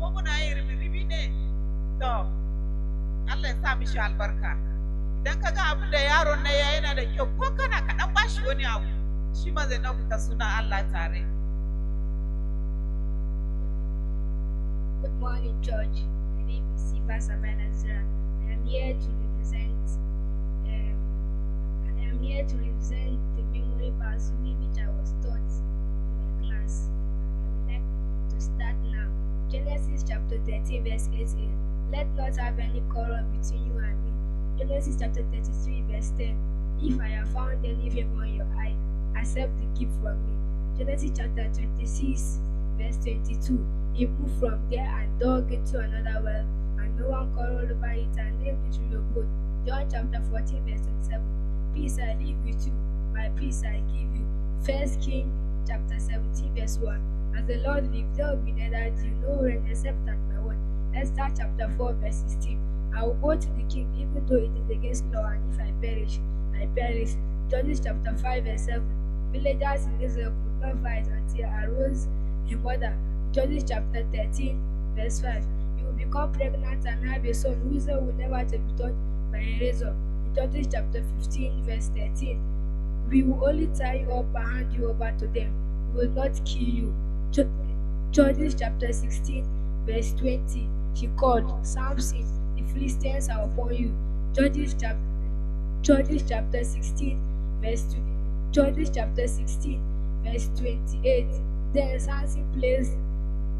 ko muna yin ribi-ribi ne to Allah ya sa mishi albarka idan ka ga abin da yaron na ya yana da kyau ko kana kaɗan bashi wani abu shi ma zai ɗaukaka suna Allah tare Good morning, George. My name is Siva Sabana Zira. I am here to represent um, I am here to represent the memory bus which I Genesis chapter 13, verse 18. Let not have any quarrel between you and me. Genesis chapter 33, verse 10. If I have found any favor in your eye, accept the gift from me. Genesis chapter 26, verse 22. He moved from there and dug into another well, and no one quarreled over it and named it good. John chapter 14, verse 27. Peace I leave with you, my peace I give you. First King chapter 17, verse 1. As the Lord lives, there will be neither Jew nor Greek except at my word. Esther chapter 4 verse 16. I will go to the king even though it is against law and if I perish, I perish. Judges chapter 5 verse 7. Villagers in Israel could not fight until arose a mother. Judges chapter 13 verse 5. You will become pregnant and have a son whose name will never to be taught by a razor. Judges chapter 15 verse 13. We will only tie you up and hand you over to them. We will not kill you. Judges chapter 16, verse 20. She called, Samson, the Philistines are upon you. Judges chapter, Judges chapter 16, verse 20. Judges chapter 16, verse 28. Then Samson praised,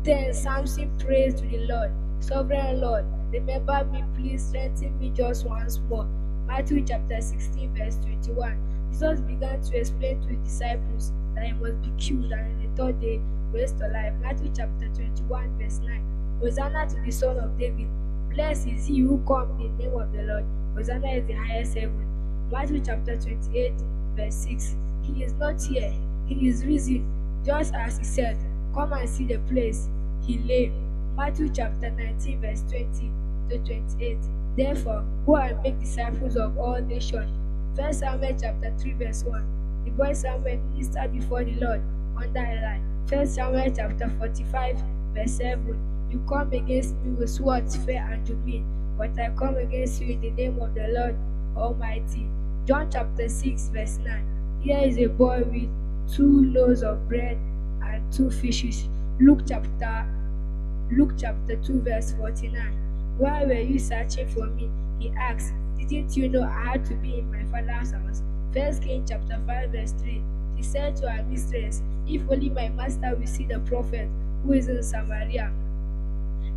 then Samson prays to the Lord, Sovereign Lord, remember me, please strengthen me just once more. Matthew chapter 16, verse 21. Jesus began to explain to his disciples that he must be killed and on the third day raised to life. Matthew chapter 21, verse 9. Hosanna to the Son of David. Blessed is he who comes in the name of the Lord. Hosanna is the highest heaven. Matthew chapter 28, verse 6. He is not here, he is risen, just as he said, Come and see the place he lay. Matthew chapter 19, verse 20 to 28. Therefore, go and make disciples of all nations. First Samuel chapter 3, verse 1. The boy Samuel ministered before the Lord under Eli. 1 Samuel chapter 45, verse 7. You come against me with swords fair and me, but I come against you in the name of the Lord Almighty. John chapter 6, verse 9. Here is a boy with two loaves of bread and two fishes. Luke chapter Luke chapter 2, verse 49. Why were you searching for me? He asked. Didn't you know I had to be in my father's house? First King chapter 5, verse 3. He said to her mistress, if only my master will see the prophet who is in Samaria.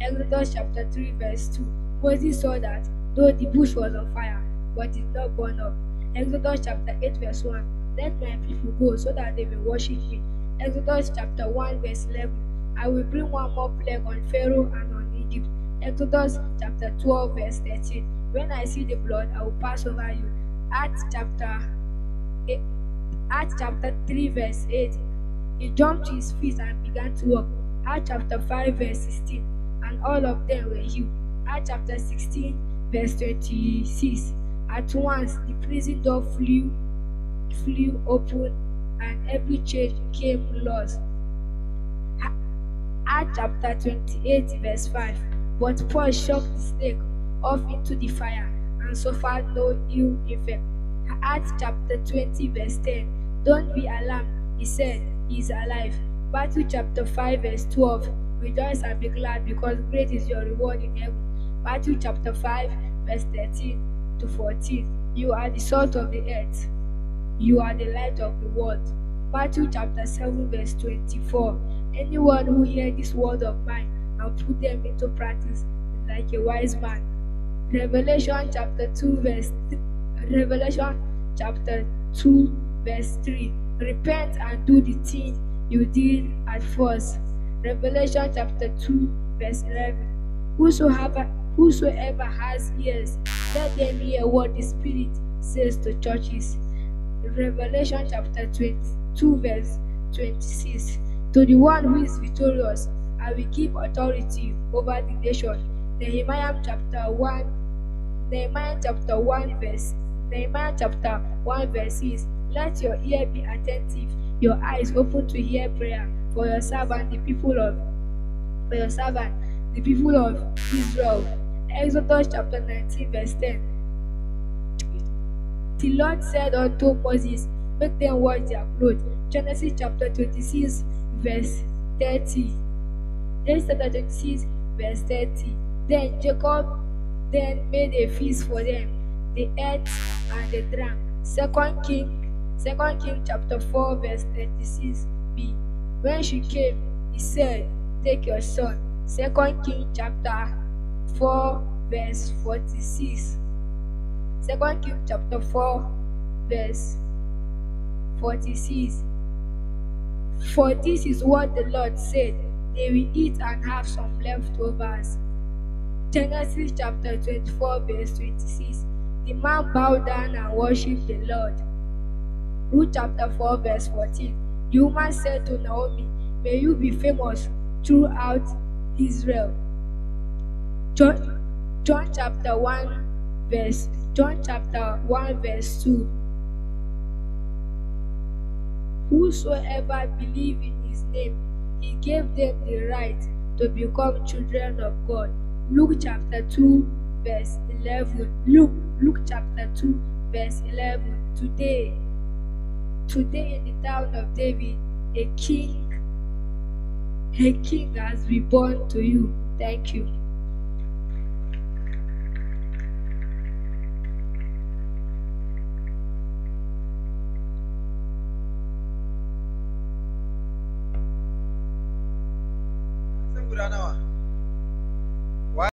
Exodus chapter 3, verse 2. Moses saw that though the bush was on fire, but did not burn up. Exodus chapter 8, verse 1. Let my people go so that they may worship me. Exodus chapter 1, verse 11. I will bring one more plague on Pharaoh and on Egypt. Exodus chapter 12, verse 13. When I see the blood, I will pass over you. Acts chapter 8, Acts chapter 3, verse 8. He jumped to his feet and began to walk. Acts chapter 5, verse 16. And all of them were healed. Acts chapter 16, verse 26. At once the prison door flew, flew open, and every church came lost. Acts chapter 28, verse 5. But Paul shook the snake off into the fire and suffered no ill effect. Acts chapter 20, verse 10. Don't be alarmed, he said is alive. Matthew chapter 5, verse 12. Rejoice and be glad, because great is your reward in heaven. Matthew chapter 5, verse 13 to 14. You are the salt of the earth, you are the light of the world. Matthew chapter 7, verse 24. Anyone who hears this word of mine and put them into practice is like a wise man. Revelation chapter 2, verse th- Revelation chapter 2, verse 3. Repent and do the thing you did at first. Revelation chapter 2, verse 11. Whosoever, whosoever has ears, let them hear what the Spirit says to churches. Revelation chapter 22, verse 26. To the one who is victorious, I will give authority over the nation. Nehemiah chapter 1, Nehemiah chapter 1, verse Nehemiah chapter 1, verse 6. Let your ear be attentive, your eyes open to hear prayer for your servant, the people of for your servant, the people of Israel. Exodus chapter 19, verse 10. The Lord said unto Moses, Make them wash their clothes. Genesis chapter 26, verse 30. Genesis chapter 26, verse 30. Then Jacob then made a feast for them. They ate and they drank. Second King Second King, chapter 4 verse 36b. When she came, he said, Take your son. Second King, chapter 4 verse 46. Second King, chapter 4 verse 46. For this is what the Lord said, they will eat and have some leftovers. Genesis chapter 24 verse 26. The man bowed down and worshiped the Lord. Ruth chapter 4, verse 14. The woman said to Naomi, May you be famous throughout Israel. John, John chapter 1, verse John chapter 1, verse 2. Whosoever believe in his name, he gave them the right to become children of God. Luke chapter 2, verse 11. Luke, Luke chapter 2, verse 11. Today, Today in the town of David, a king, a king has been born to you. Thank you.